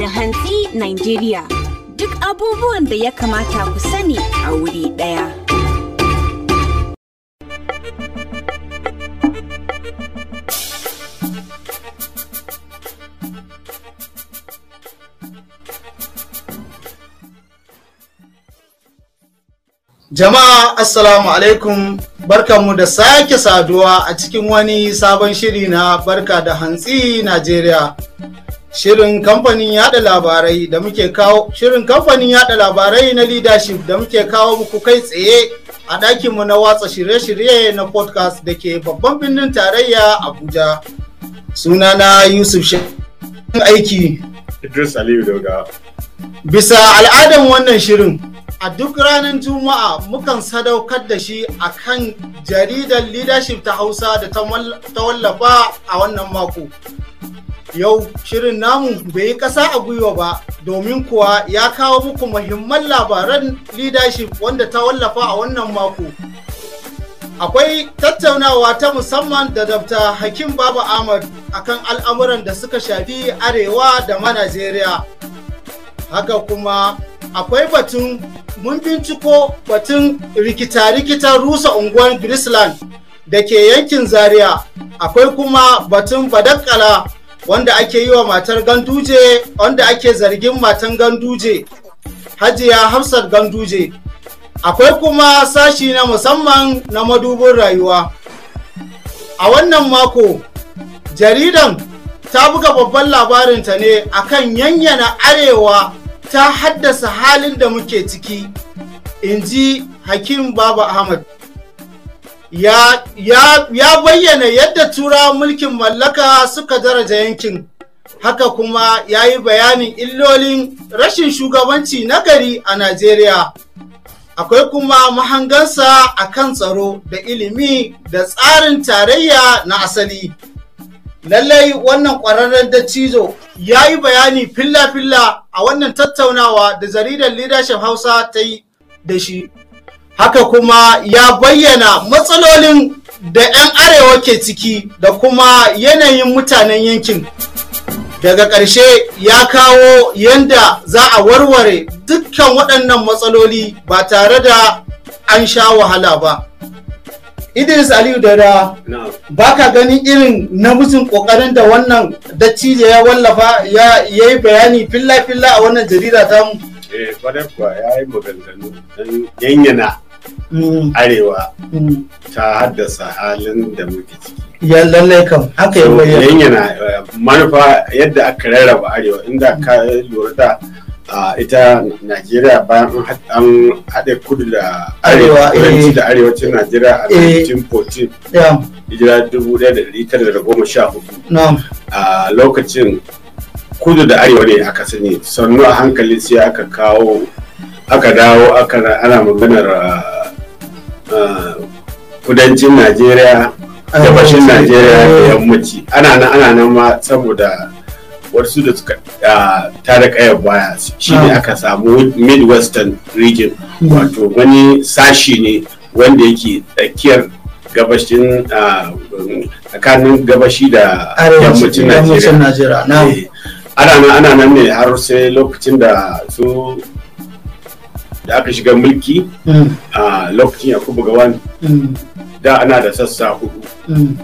da hantsi Nigeria. Duk abubuwan da ya kamata ku sani a wuri ɗaya. Jama'a Assalamu alaikum barkanmu da sake saduwa a cikin wani sabon shiri na barka da hantsi Najeriya Shirin kamfanin yada labarai da muke kawo shirin kamfanin yada labarai na leadership da muke kawo muku kai tsaye a ɗakinmu na watsa shirye-shirye na podcast da ke babban birnin tarayya Abuja. Sunana Yusuf Shekin aiki. Idris Aliyu Bisa al'adan wannan shirin, a duk ranar Juma'a mukan sadaukar da shi a kan jaridar leadership ta Hausa da ta wallafa a wannan mako. Yau shirin namu bai yi ƙasa a gwiwa ba domin kuwa ya kawo muku muhimman labaran leadership wanda ta wallafa a wannan mako. Akwai tattaunawa ta musamman da Dr. Hakim Baba Ahmad akan al'amuran da suka shafi Arewa da ma Najeriya. Haka kuma akwai batun mun binciko batun rikita-rikitar rusa unguwar Grisland da ke yankin Zaria. Akwai kuma batun badakala wanda ake yi wa matar ganduje wanda ake zargin matan ganduje hajiya hafsat ganduje akwai kuma sashi na musamman na madubin rayuwa a wannan mako jaridan ta buga babban labarinta ne akan yanyana arewa ta haddasa halin da muke ciki in ji hakim baba ahmad ya, bayyana yadda tura mulkin mallaka suka daraja yankin haka kuma ya yi bayanin illolin rashin shugabanci na gari a najeriya akwai kuma mahangansa a kan tsaro da ilimi da tsarin tarayya na asali lallai wannan ƙwararren cizo, ya yi bayani filla-filla a wannan tattaunawa da jaridar leadership hausa ta yi da shi haka kuma ya bayyana matsalolin da 'yan arewa ke ciki da kuma yanayin mutanen yankin daga ƙarshe ya kawo yanda za a warware dukkan waɗannan matsaloli ba tare da an sha wahala ba idris aliyu dada ba ka ganin irin na namijin ƙoƙarin da wannan dattijo ya wallafa ya yi bayani filla-filla a wannan jarida ta mu eh kuwa ya yi maganganu don yanyana Hmm. arewa hmm. ta haddasa halin da muke ciki ya lallai kam haka yi ya yana eh, manufa yadda aka rarraba arewa inda ka lura da ita najeriya bayan an haɗe kudu da arewa kudanci eh. da arewacin najeriya a 1914 eh. hijira 1914 a lokacin kudu da arewa ne aka sani sannu a hankali sai aka kawo aka dawo aka ana maganar ah, ah, kudancin najeriya ah, gabashin najeriya da yammaci ana nan ana nan ma saboda wasu da suka tada kayan baya shi ne aka samu midwestern region wato wani sashi ne wanda yake tsakiyar gabashin tsakanin gabashi da yammacin najeriya eh, ana nan ne har sai lokacin da su da aka shiga mulki mm. a lokacin yakubu gawan mm. da ana da sassa hudu mm.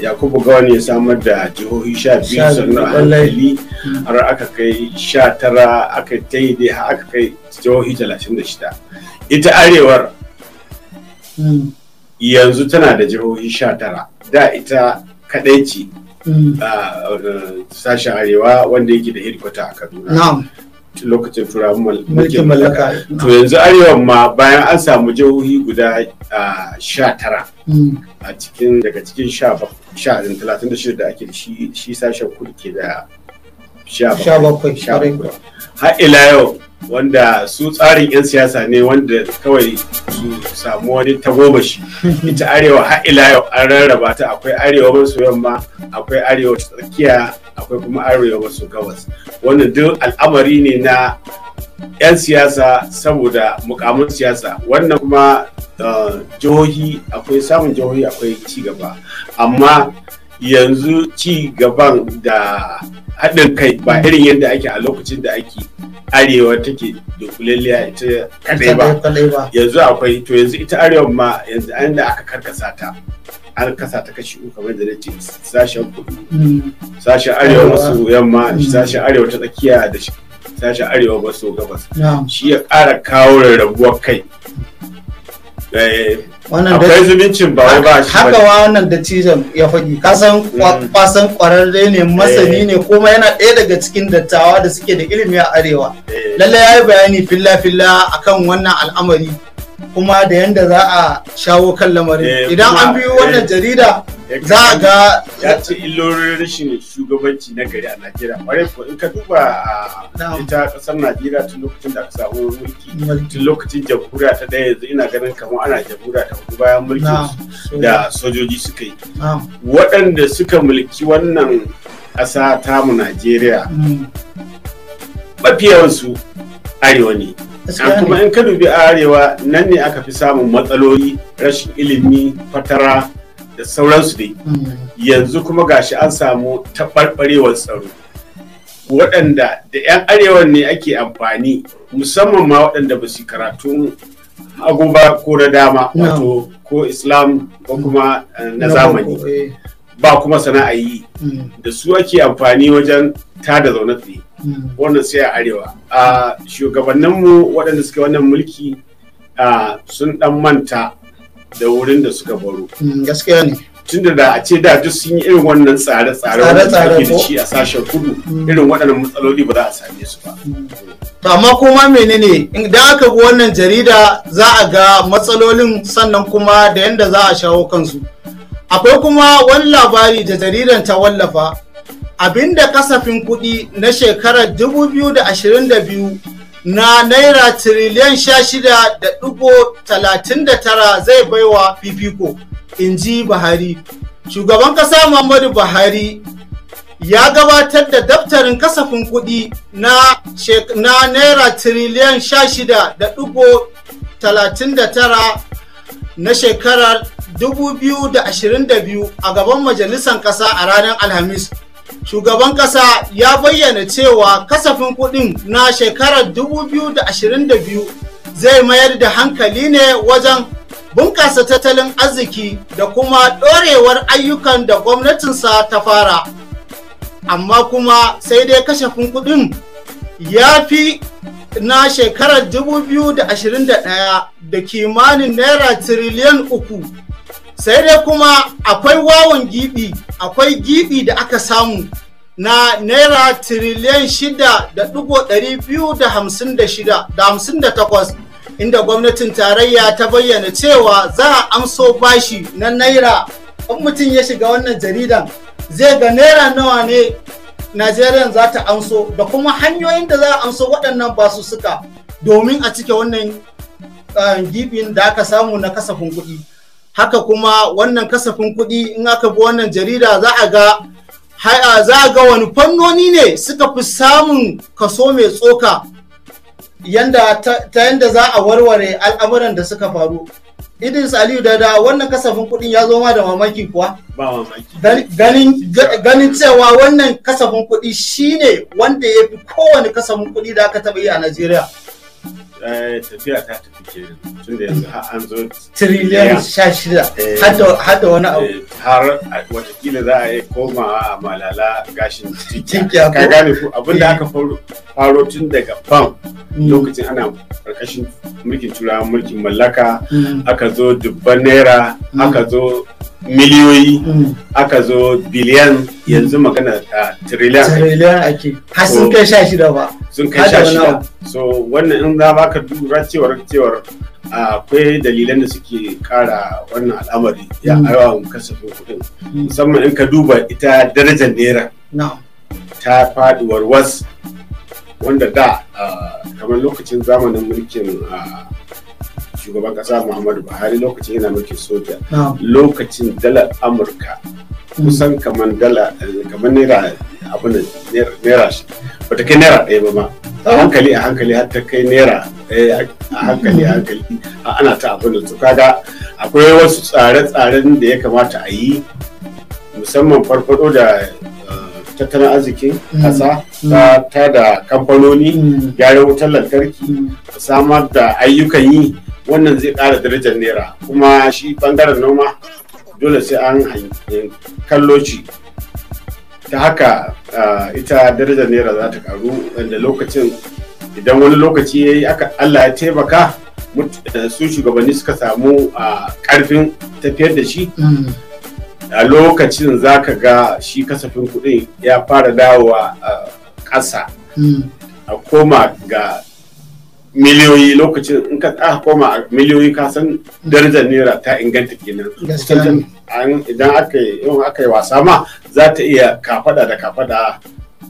yakubu gawan ya samar da jihohi sha biyu sannan a hankali har aka kai sha tara aka ta yi dai aka kai jihohi talatin da shida ita arewar yanzu tana da jihohi sha tara da ita kadai ce sashen arewa wanda yake da hedikwata a kaduna lokacin turawan mulkin mallaka to yanzu arewa ma bayan an samu jihohi guda sha tara hmm. a cikin daga cikin sha talatin da shida da ake shi shi sashen kudu ke da sha bakwai sha bakwai har ila yau wanda su tsarin 'yan siyasa ne wanda kawai su samu wani tagomashi ita arewa har ila yau an rarraba ta akwai arewa masu yamma akwai arewa tsakiya akwai kuma arewa maso gabas wannan duk al'amari ne na 'yan siyasa saboda mukamin siyasa wannan kuma eh, jihohi akwai samun jihohi akwai ci gaba. amma yanzu ci gaban da haɗin kai ba irin yadda ake a lokacin da ake arewa take dukulaliya ita kadai ba yanzu akwai to yanzu ita arewa ma yanzu an da aka karkasa ta an kasa ta kashi uku kamar da na ce sashen kudu hmm. sashen arewa maso yamma hmm. sashen arewa ta tsakiya da sashen arewa maso gabas shi ya ƙara kawo rarrabuwar kai eh, akwai zumuncin ba wai ba shi haka wa wannan da cizon ya faɗi kasan hmm. kwasan kwararre ne masani eh. ne kuma yana ɗaya daga cikin dattawa da suke da ilimi a arewa eh. lallai ya yi bayani filla-filla akan wannan al'amari kuma da yanda za a shawo kan lamarin eh, idan an biyo wannan eh, jarida za a ga ya ce illorin rashin shugabanci na gari a najeriya kwarai kuwa in ka duba ita kasar najeriya tun lokacin da aka samu mulki tun lokacin jamhuriya ta daya yanzu ina ganin kamar ana jamhuriya ta hudu bayan mulki da sojoji suka yi waɗanda suka mulki wannan ƙasa tamu najeriya mm. mafi yawansu arewa ne an kuma in ka dubi arewa nan ne aka fi samun matsaloli rashin ilimi fatara da sauransu dai hmm. yanzu kuma gashi an samu taɓarɓarewar tsaro waɗanda da 'yan arewan ne ake amfani musamman ma waɗanda ba su karatu agoba ko na dama wato ko islam ko kuma eh, na zamani eh. ba kuma sana'a yi mm. da su ake amfani wajen tada zaune tsaye mm. wannan sai a arewa a shugabanninmu waɗanda suke wannan mulki sun ɗan manta da wurin da suka baro mm, gaskiya ne tunda da a ce da duk sun yi irin wannan tsare-tsare wanda ake da shi a sashen kudu irin waɗannan matsaloli ba za a same su ba to amma kuma menene idan aka ga wannan jarida za a ga matsalolin sannan kuma da yadda za a shawo kansu akwai kuma wani labari da jaridan ta wallafa abinda kasafin kuɗi na shekarar 2022 na naira tiriliyan 16.39 zai baiwa fifiko in ji buhari shugaban ƙasa muhammadu buhari ya gabatar da daftarin kasafin kuɗi na, na naira tiriliyan 16.39 na shekarar 2022 a gaban majalisar ƙasa a ranar Alhamis. Shugaban ƙasa ya bayyana cewa kasafin kuɗin na shekarar 2022 zai mayar da hankali ne wajen bunƙasa tattalin arziki da kuma ɗorewar ayyukan da gwamnatinsa ta fara. Amma kuma sai dai kasafin kuɗin ya fi na shekarar 2021 da kimanin naira tiriliyan uku sai dai kuma akwai wawan gibi akwai gibi da aka samu na naira tiriliyan shida da dugo ɗari biyu da hamsin da takwas inda gwamnatin tarayya ta bayyana cewa za a amso bashi na naira in mutum ya shiga wannan jaridan zai ga naira nawa ne najeriya za ta amso da kuma hanyoyin da za a amso waɗannan basu suka domin a cike wannan eh, gibin da aka samu na kasafin kuɗi. haka kuma wannan kasafin kuɗi in aka bi wannan jarida za a ga za a ga wani fannoni ne suka fi samun kaso mai tsoka ta yanda za a warware al'amuran da suka faru idris aliyu da wannan kasafin kuɗin ya zo ma da mamaki kuwa ganin cewa wannan kasafin kuɗi shine wanda ya fi kowane kasafin kuɗi da aka taɓa yi a najeriya Eh, tafiya ta tafi ke tun da yanzu har an zo tiriliyan sha shida eh, har da wani abu eh, har watakila za a yi komawa a malala gashin cikin ka gane ko abin da aka faro tun daga fam mm. lokacin ana karkashin mulkin turawa mulkin mallaka mm. aka zo dubban naira mm. aka zo miliyoyi aka zo biliyan yanzu magana a ah, tiriliyan ake har kai sha shida ba sun kai sha shida so wannan in za baka lura cewar cewar akwai dalilan da suke kara wannan al'amari ya mm. aiwa kasafin kuɗin mm. musamman in ka duba ita darajar naira ta faduwar warwas wanda da kamar lokacin zamanin mulkin shugaban kasa muhammadu buhari lokacin yana mulkin soja lokacin dalar amurka mm. kusan kamar dala eh, kamar naira abin naira bata kai naira ɗaya ba ma a hankali a hankali har ta kai naira a hankali a hankali ana ta abin da kaga akwai wasu tsare-tsaren da ya kamata a yi musamman farfado da eh, tattalin arzikin mm. ƙasa mm. ta da kamfanoni mm. gyaran wutar lantarki samar da ayyukan yi wannan zai ƙara darajar naira kuma shi bangaren noma dole sai an eh, kallo shi ta haka ita darajar naira za ta karu wanda lokacin idan wani lokaci ya yi allah ya taimaka su shugabanni suka samu karfin tafiyar da shi mm. a lokacin za ka ga shi kasafin kuɗin ya fara dawowa ƙasa mm. a koma ga miliyoyi lokacin in ka koma a miliyoyi ka san darajar naira ta inganta kenan idan aka yi aka yi wasa ma za ta iya kafada da kafada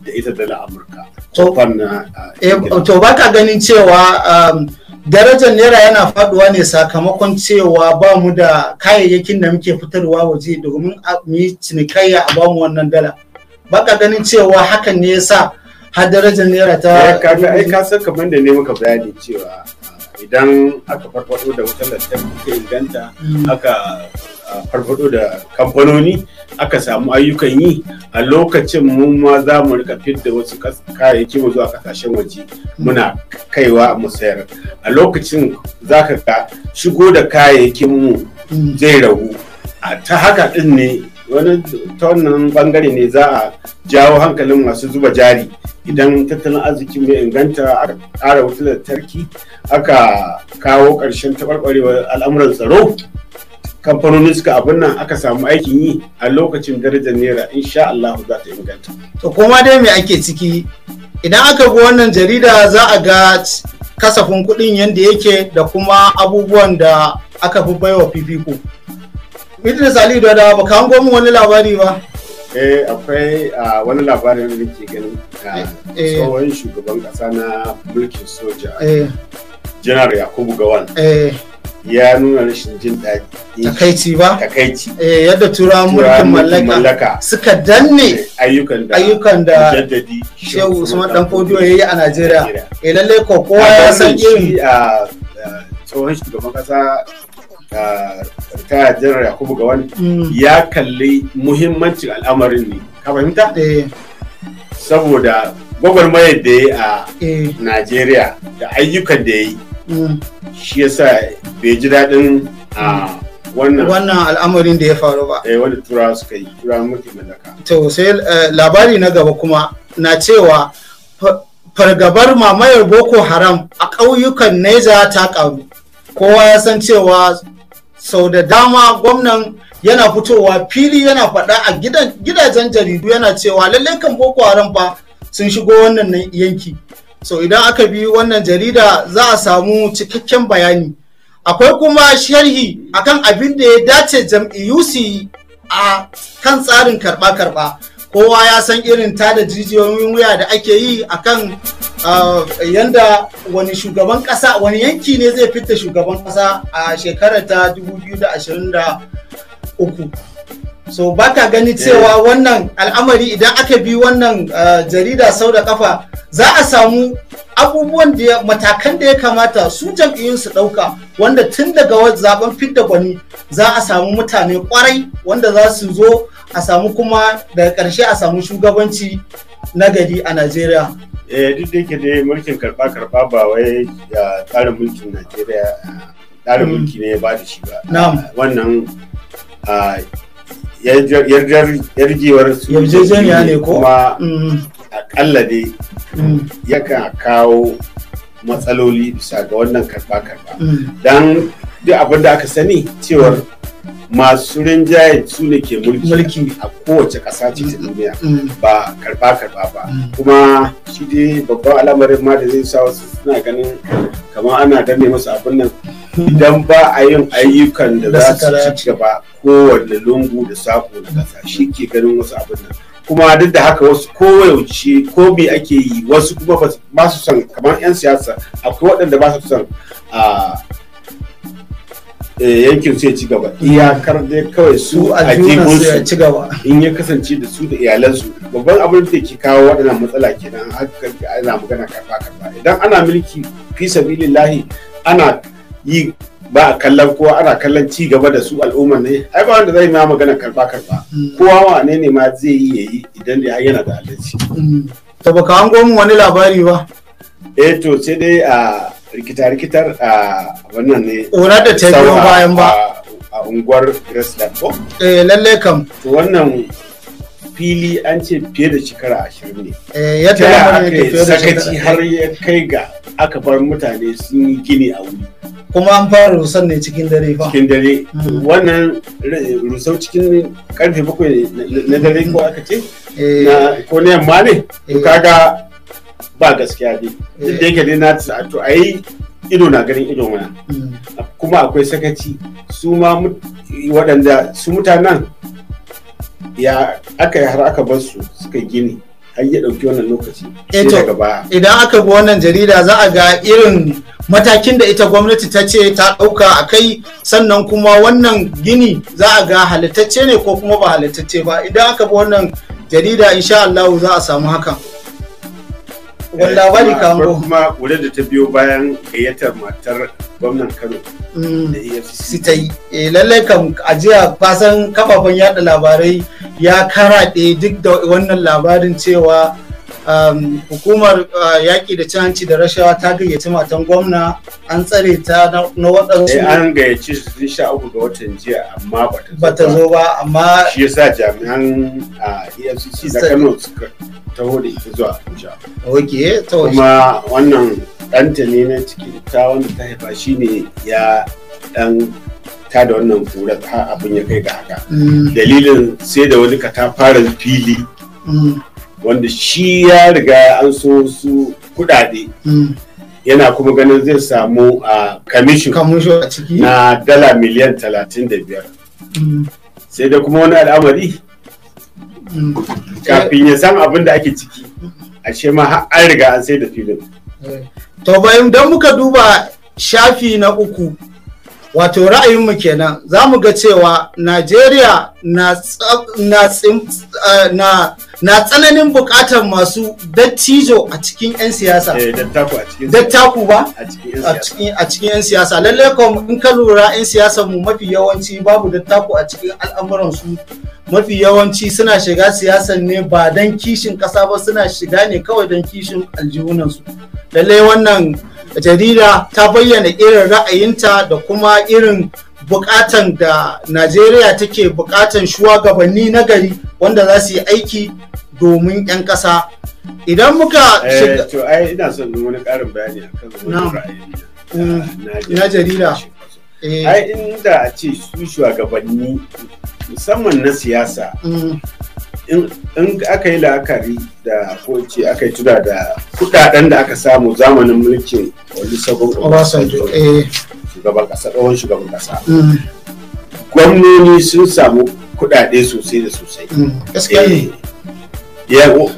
da ita dala amurka to uh, eh, ba ka ganin cewa um, darajar naira yana faduwa ne sakamakon cewa ba mu da kayayyakin da muke fitarwa waje domin mu yi cinikayya a ba mu wannan dala ba ka ganin cewa hakan ne yasa sa har naira ta eh, kafin eh, ai ka san kamar da ne muka bayani cewa ah, idan aka farfado da wutar lantarki ke inganta mm. aka ah, farfado da kamfanoni aka samu ayyukan yi a lokacin mu ma za mu rika fidda wasu kayayyaki mu zuwa kasashen waje muna kaiwa mu sayar a lokacin za ka ga shigo da kayayyakin mu mm. zai ragu a ta haka din ne wani ta wannan bangare ne za a jawo hankalin masu zuba jari idan tattalin arziki mai inganta aka ƙara wutar lantarki aka kawo ƙarshen taɓarɓarewar al'amuran tsaro kamfanoni suka abin nan aka samu aikin yi a lokacin darajar naira insha Allah za ta inganta. To kuma dai me ake ciki idan aka bi wannan jarida za a ga kasafin kuɗin yadda yake da kuma abubuwan da aka fi baiwa fifiko. Idris Ali da ba ka wani labari ba. eh akwai ah, wani labarin da nake ganin ah, eh, eh. tsohon shugaban kasa na mulkin soja eh. janar yakubu gawan ya nuna rashin jin daɗi takaici ba takaici yadda turawan mulkin mallaka suka danne ayyukan da jaddadi shehu usman dan fodiyo yayi a najeriya eh lalle ko kowa ya san irin ah, tsohon shugaban kasa ta Janar yakubu ga wani mm. ya kalli muhimmancin al'amarin ne ka fahimta eh. saboda gwagwarmayar da ya yi a eh. najeriya da ayyukan da ya yi mm. shi yasa bai ji daɗin a wannan al'amarin da ya faru ba eh wanda turawa suka yi turawa mulkin mallaka to sai eh, labari na gaba kuma na cewa fargabar mamayar boko haram a ƙauyukan neja ta ƙaru kowa ya san cewa sau da dama gwamnan yana fitowa fili yana faɗa a gidajen jaridu yana cewa lallai kan boko haram fa sun shigo wannan yanki Sau idan aka bi wannan jarida za a samu cikakken bayani akwai kuma sharhi akan abin da ya dace jam'iyyu su a kan tsarin karɓa-karɓa kowa ya san irin tada jijiyoyin wuya da ake yi akan uh, yanda wani shugaban kasa wani yanki ne zai fita shugaban kasa a shekarar ta 2023 so baka gani eh. cewa wannan al'amari idan aka bi wannan uh, jarida sau da kafa za a samu abubuwan da matakan da ya kamata su jam'iyyun su ɗauka wanda tun daga zaben fidda gwani za a samu mutane kwarai wanda za su zo a samu kuma daga ƙarshe a samu shugabanci na gari a najeriya eh, duk da yake dai mulkin karba karba ba wai tsarin mulkin najeriya tsarin mm. mulki ne ya ba da shi ba wannan yarjejeniya ne ko kuma mm. akalla dai Mm. yakan kawo matsaloli bisa ga wannan karba-karba mm. don duk abin da aka sani cewar masu rinjaye su ne ke mulki a kowace ƙasa ce ta duniya mm. ba karba karba ba kuma shi dai babban al'amarin ma da zai sa wasu suna ganin kamar ana danne masu abin nan idan ba a yin ayyukan da za su ci gaba kowanne lungu da sako na ƙasa shi ke ganin wasu abin nan kuma duk da haka wasu kowace ko me ake yi wasu kuma ba su son kamar 'yan siyasa akwai waɗanda ba su son a eh, yankin su ya ci gaba iyakar dai kawai su a jibin su in ya kasance da su da iyalansu babban abin da ke kawo waɗannan matsala kenan haka ana magana karfa karfa idan ana mulki fi sabilillahi ana yi ba a kallon kowa ana kallon ci gaba da su al'ummar ne ai ba wanda zai ma magana karba karba mm. kowa wane ne ma zai yi yayi idan da yana da halacci mm. to baka an gomu wani labari ba eh to sai dai a rikita rikitar a wannan ne ƙorar da ta bayan ba a unguwar Graceland ko eh lalle kam to wannan fili an ce fiye da shekara ashirin ne. Eh, yadda aka yi sakaci har ya kai ga aka bar mutane sun yi gini a wuri. Kuma an fara rusar ne cikin dare ba. Cikin dare. Hmm. Wannan rusar cikin karfe bakwai na dare ko aka ce? Eh. Ko na yamma ne? Eh. Kaga ba gaskiya ne. Duk da yake ne na to a yi ido na ganin ido mana. Hmm. Kuma akwai sakaci su ma waɗanda su mutanen ya aka yi har aka bar su suka gini har ya ɗauki wannan lokaci eh sai idan aka bi wannan jarida za a ga irin matakin da ita gwamnati ta ce ta ɗauka a kai sannan kuma wannan gini za a ga halittacce ne ko kuma ba halittacce ba idan aka bi wannan jarida insha Allah za a samu hakan kuma kure da ta biyo bayan gayyatar matar gwamnan kano mm. Sitai, eh, lallai kam ajiya fasan kafafen yada labarai ya karaɗe duk da wannan labarin cewa Um, hukumar uh, yaƙi da cin da rashawa ta gayyaci matan gwamna an tsare ta na waɗansu eh, an gayyaci su sha uku ga watan jiya amma ba ta zo ba amma shi yasa jami'an uh, efcc da kano suka taho da ita zuwa abuja oke kuma wannan ɗanta ne na ciki ta wanda ta haifa ne ya ɗan ta da wannan kurar har abin ya kai ga haka mm. dalilin sai da wani ka ta fara fili mm. wanda shi ya riga an so su kudade hmm. yana kuma ganin zai samu a kamishin na dala miliyan 35 hmm. sai da kuma wani al'amari hmm. kafin ya san abin da ake ciki ashe ma an riga an sai da filin to bayan don muka duba shafi na uku wato ra'ayinmu kenan za mu ga cewa najeriya na na tsananin bukatar masu dattijo a cikin 'yan siyasa. Eh, dattaku ba? A cikin 'yan siyasa. Lallai kom in ka lura 'yan siyasar mu mafi yawanci babu dattaku a cikin al'amuransu mafi yawanci suna shiga siyasar ne ba don kishin ƙasa ba suna shiga ne kawai don kishin aljihunansu. Lallai wannan jarida ta bayyana irin ra'ayinta da kuma irin bukatan da Najeriya take bukatan shugabanni na gari wanda za su yi aiki domin 'yan ƙasa idan muka eh, shiga to ai ina son wani ƙarin bayani akan wani ra'ayi na mm, jarida eh. ai inda a ce su shugabanni musamman na siyasa mm. in aka yi la'akari da ko ce aka yi tuna da kudaden da aka samu zamanin mulkin olusegun obasanjo eh. shugaban kasa tsohon shugaban kasa mm. gwamnoni sun samu kudade sosai da sosai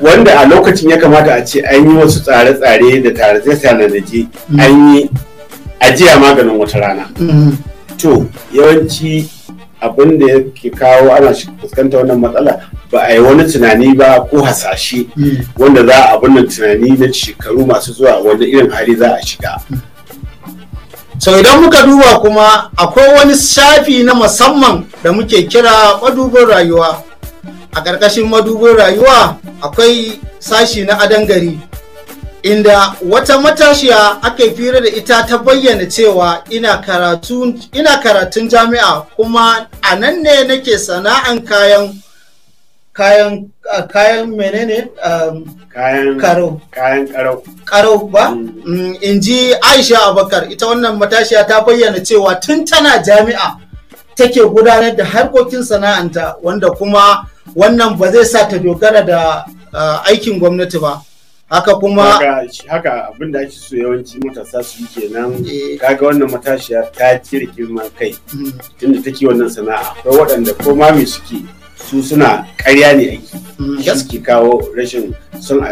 wanda a lokacin ya kamata a ce an yi wasu tsare-tsare da tare zai da ke mm. an yi ajiya maganin wata rana mm-hmm. to yawanci abin da ke kawo ana fuskanta wannan matsala ba a yi wani tunani ba ko hasashe mm. wanda za a abin tunani na shekaru masu zuwa wanda irin hali za a shiga mm. so idan muka duba kuma akwai wani shafi na musamman da muke kira madubin rayuwa a ƙarƙashin madubin rayuwa akwai sashi na adon gari inda wata matashiya aka yi fira da ita ta bayyana cewa ina karatun, jami'a kuma a nan ne nake sana'an kayan kayan kayan menene um, kayan karo karo ba mm. Mm, in ji aisha abakar ita wannan matashiya ta bayyana cewa tun tana jami'a take gudanar da harkokin sana'anta wanda kuma wannan ba zai sa ta dogara da uh, aikin gwamnati ba haka kuma haka abin ake so yawanci matasa su yi kenan eh. kaga wannan matashiya ta cire girman kai hmm. tunda take wannan sana'a akwai waɗanda ko ma me suke su suna karya ne aiki hmm. shi suke kawo rashin sun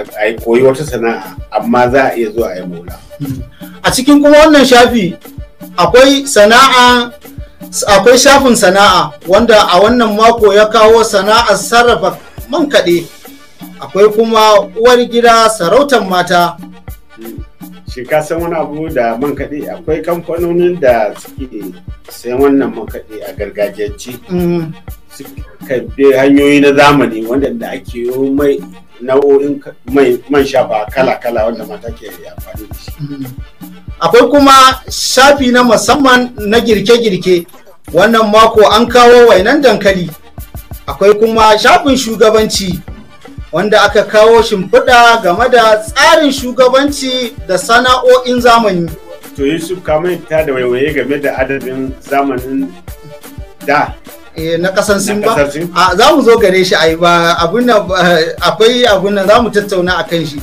koyi wata sana'a amma za a iya zuwa a yi maula hmm. a cikin kuma wannan shafi akwai sana'a akwai shafin sana'a wanda a wannan mako ya kawo sana'ar sarrafa man kaɗe akwai kuma uwar gida sarautar mata shi ka san wani abu da man kaɗe akwai kamfanonin da suke sai wannan man kaɗe a gargajiyance mm. suka bi hanyoyi na zamani wanda ake yi mai nau'o'in man shafa kala-kala wanda mata ke amfani da shi mm. akwai kuma shafi na musamman na girke-girke wannan mako an kawo wainan dankali akwai kuma shafin shugabanci wanda aka kawo shimfiɗa game da tsarin shugabanci da sana'o'in zamani to yusuf kamar ta da waiwaye game da adadin zamanin da eh, na kasan sin ba a za mu zo gare shi ai ba abun akwai abun nan za mu tattauna akan shi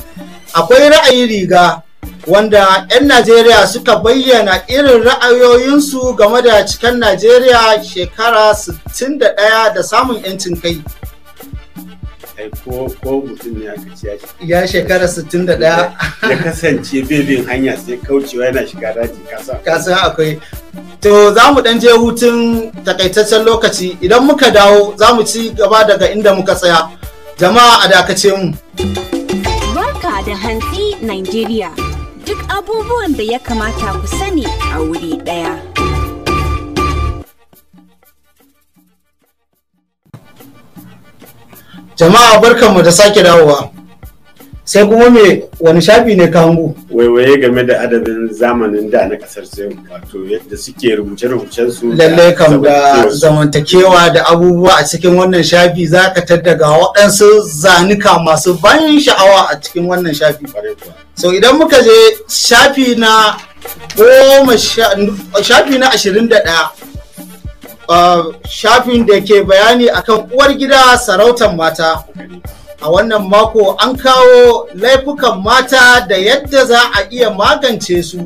akwai ra'ayin riga wanda 'yan Najeriya suka bayyana irin ra'ayoyinsu game da cikan Najeriya shekara 61 da samun 'yancin kai. ko mutum ne aka ce ya shekara 61 ya kasance bebin hanya sai kaucewa yana shiga daji kasa kasa akwai to za mu ɗan je hutun takaitaccen lokaci idan muka dawo za mu ci gaba daga inda muka tsaya jama'a a dakace mu barka da hantsi nigeria duk abubuwan da ya kamata ku sani a wuri ɗaya. Jama'a barkanmu da sake dawowa. Sai kuma me wani shafi ne ka hangu? Waiwaye game da adadin zamanin da na kasar sai wato yadda suke rubuce-rubucen su. Lallai kam da zamantakewa da abubuwa a cikin wannan shafi za ka taddaga waɗansu zanuka masu ban sha'awa a cikin wannan shafi. Kwarai so idan muka je shafi na goma shafi na ashirin da ɗaya uh, shafin da ke bayani akan uwar gida sarautar mata a wannan mako an kawo laifukan mata da yadda za a iya magance su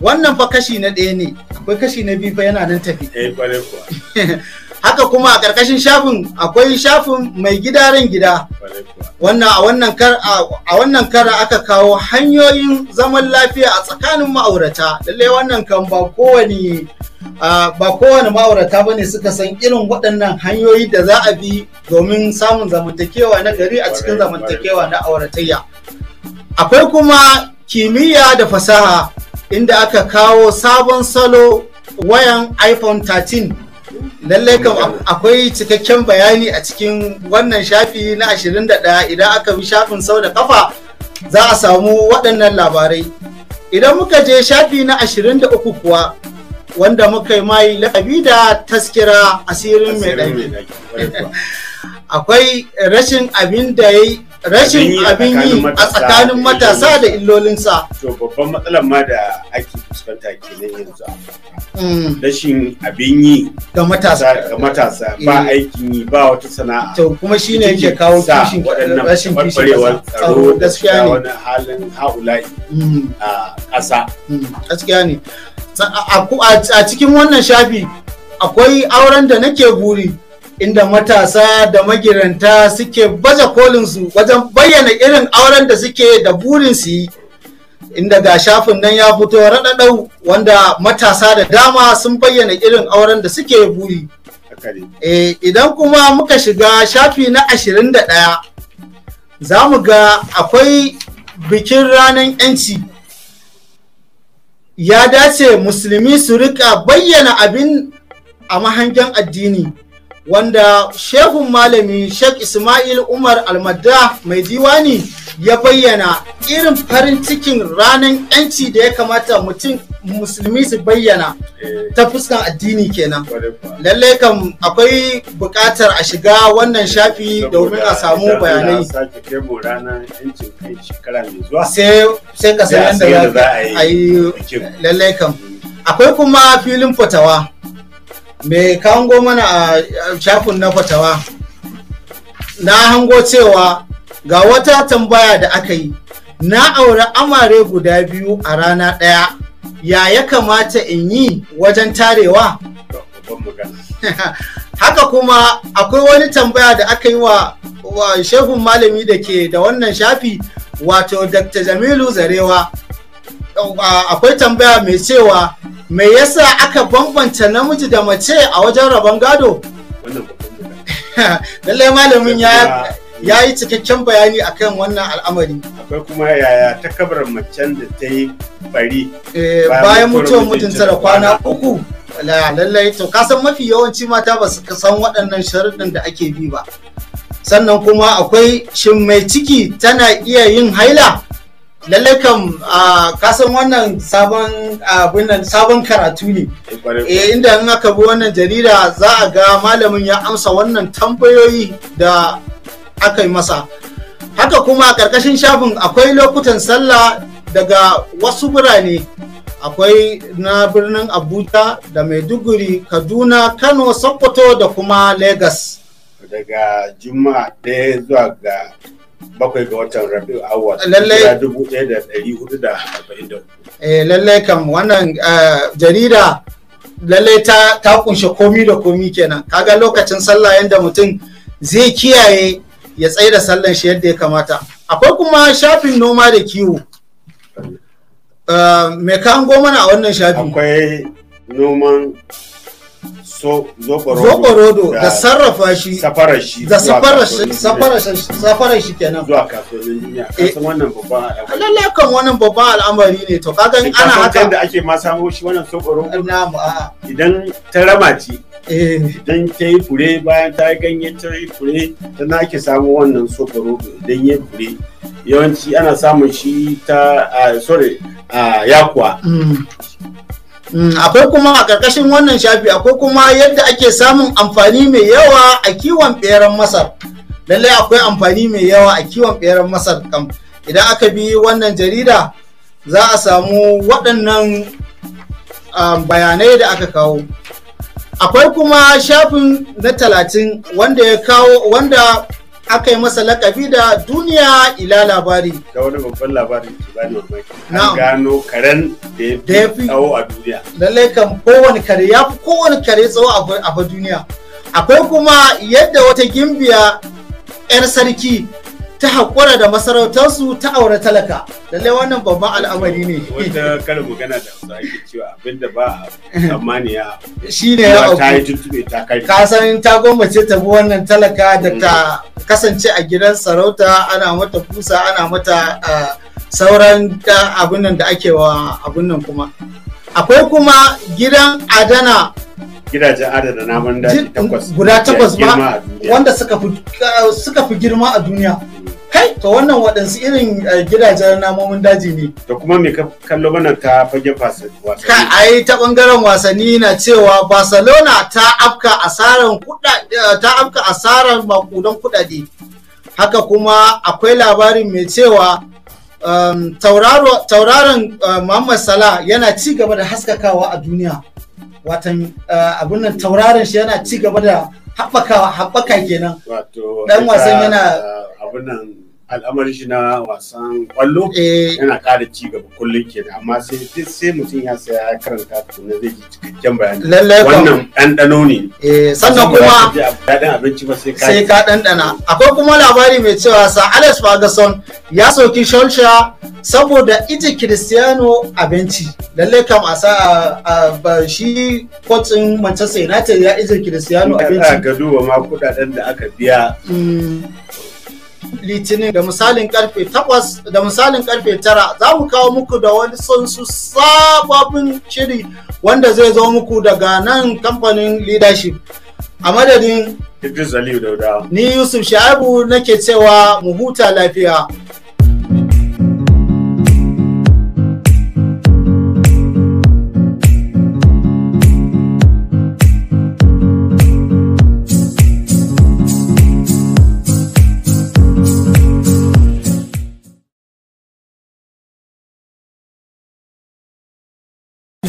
wannan fa kashi na ɗaya ne akwai kashi na biyu fa yana nan tafi eh, haka kuma a ƙarƙashin shafin akwai shafin mai gida ran gida wannan a wannan kara aka kawo hanyoyin zaman lafiya a tsakanin ma'aurata lalle wannan kan ba kowane ba kowane ma'aurata ba ne suka san irin waɗannan hanyoyi da za a bi domin samun zamantakewa na gari a cikin zamantakewa na auratayya akwai kuma kimiyya da fasaha inda aka kawo sabon salo wayan iphone 13 lallai kam akwai cikakken bayani a cikin wannan shafi na 21 idan aka bi shafin sau da kafa za a samu waɗannan labarai idan muka je shafi na 23 kuwa wanda muka yi mai lakabi da taskira asirin mai ɗaki akwai rashin abin da ya rashin abin yi a tsakanin matasa da illolinsa. To babban matsalar ma da ake fuskanta nan yanzu a mm. Rashin abin yi ga matasa ba eh. aikin yi ba wata sana'a. To kuma shi ne yake kawo kishin rashin kishin tsaro gaskiya ne. Wani halin haula'i mm. a ƙasa. Mm. Gaskiya ne. A cikin wannan shafi akwai auren da nake buri. inda matasa da magiranta suke baje kolinsu wajen bayyana irin auren da suke da burin su inda ga shafin nan ya fito raɗaɗau wanda matasa da dama sun bayyana irin auren da suke buri e, idan kuma muka shiga shafi na 21 za mu ga akwai bikin ranar 'yanci ya dace musulmi su rika bayyana abin a mahangen addini wanda shehun malami Sheikh Ismail Umar Almadda mai diwani ya bayyana irin farin cikin ranar 'yanci da ya kamata mutum musulmi su bayyana eh. ta fuskan addini kenan. Lallai kam akwai buƙatar a shiga wannan shafi domin a samu bayanai. Sai ka san yadda za a yi lallai kam. Akwai kuma filin fatawa. mai kango mana a shafin na fatawa na hango cewa ga wata tambaya da aka yi na aure amare guda biyu a rana ɗaya ya ya kamata in yi wajen tarewa haka kuma akwai wani tambaya da aka yi wa shehun malami da ke da wannan shafi wato dr jamilu zarewa akwai tambaya mai cewa me yasa aka bambanta namiji da mace a wajen rabon gado lallai malamin ya ya yi cikakken bayani akan wannan al'amari akwai kuma yaya kabar macen da ta yi bari eh, bayan mutuwar mutunta da kwana uku lallai to kasan mafi yawanci mata ba su san waɗannan sharuɗin da ake bi ba sannan kuma akwai shin mai ciki tana iya yin haila lallai kam kasan wannan sabon abin sabon karatu ne eh, eh inda in aka bi wannan jarida za a ga malamin ya amsa wannan tambayoyi da aka yi masa haka kuma a ƙarƙashin shafin akwai lokutan sallah daga wasu birane akwai na birnin abuja da maiduguri kaduna kano sokoto da kuma lagos daga juma'a ɗaya zuwa ga bakwai ga watan rabiu awal lallai dubu ɗaya da ɗari hudu da arba'in da eh lallai kam wannan eh, jarida lallai ta ta kunshe komi da komi kenan kaga lokacin sallah yanda mutum zai kiyaye ya tsaye da sallan shi yadda ya kamata akwai kuma shafin noma da kiwo eh, me ka goma na a wannan shafin. akwai noman zoborodo da sarrafa shi safarar shi da safarar shi kenan zuwa kasuwannin duniya kasan eh. wannan babban al'amari kan wannan babban al'amari ne to kagan ana haka da ake ma samo shi wannan zoborodo a idan ta rama ce eh. idan ta yi fure bayan ta yi ganye ta yi fure na ake samo wannan zoborodo idan ya fure yawanci ana samun shi ta sorry a yakuwa mm. Mm, akwai kuma a ƙarƙashin wannan shafi akwai kuma yadda ake samun amfani mai yawa a kiwon ɓeran masar lallai akwai amfani mai yawa a kiwon ɓeran masar kam idan aka bi wannan jarida za a samu waɗannan um, bayanai da aka kawo akwai kuma shafin na talatin wanda ya kawo wanda aka yi masa lakabi da duniya ila labari. Da wani babban labarin ke bani mamaki. An gano karen da ya fi tsawo a duniya. Lallai kan kowane kare ya fi kowane kare tsawo a duniya. Akwai kuma yadda wata gimbiya 'yan sarki ta haƙura da masarautarsu ta aure talaka lallai wannan babban al'amari ne wata karin magana da su ake cewa abinda ba tsammani ya shi ne ya ta yi tuntube ta kai ka san ta gwammace ta bi wannan talaka da ta kasance a gidan sarauta ana mata kusa ana mata sauran abin nan da ake wa abin nan kuma akwai kuma gidan adana gidajen adana namun daji takwas guda takwas ba wanda suka fi girma a duniya kai to wannan waɗansu irin eh, gidajen namomin daji ne da kuma me ka kallo mana ta fage wasanni ka ai ta bangaren wasanni na cewa barcelona ta afka asaran kuɗa eh, ta afka asaran makudan kudade, haka kuma akwai labarin mai cewa um, tauraron eh, muhammad salah yana ci gaba da haskakawa a duniya watan abin nan tauraron shi yana ci gaba da haɓaka kenan dan wasan yana abin nan al'amari shi na wasan kwallo eh. yana ƙara ci gaba kullum kenan amma sai sai mutum ya saya karanta karanta ne zai ji cikakken bayani wannan dano ne eh, sannan kuma dan abinci ba sai sai ka dana akwai kuma labari mai cewa sa Alex Ferguson ya soki Solskjaer saboda ita Cristiano abinci lalle kam a sa ba shi kotsin Manchester United ya ita Cristiano abinci ga ba ma kuɗaɗen da aka biya mm. litinin da misalin karfe 8 da misalin karfe 9 za mu kawo muku da wani su sababin shiri wanda zai zo muku daga nan kamfanin leadership a madadin Ni Yusuf Shaibu nake cewa mu huta lafiya.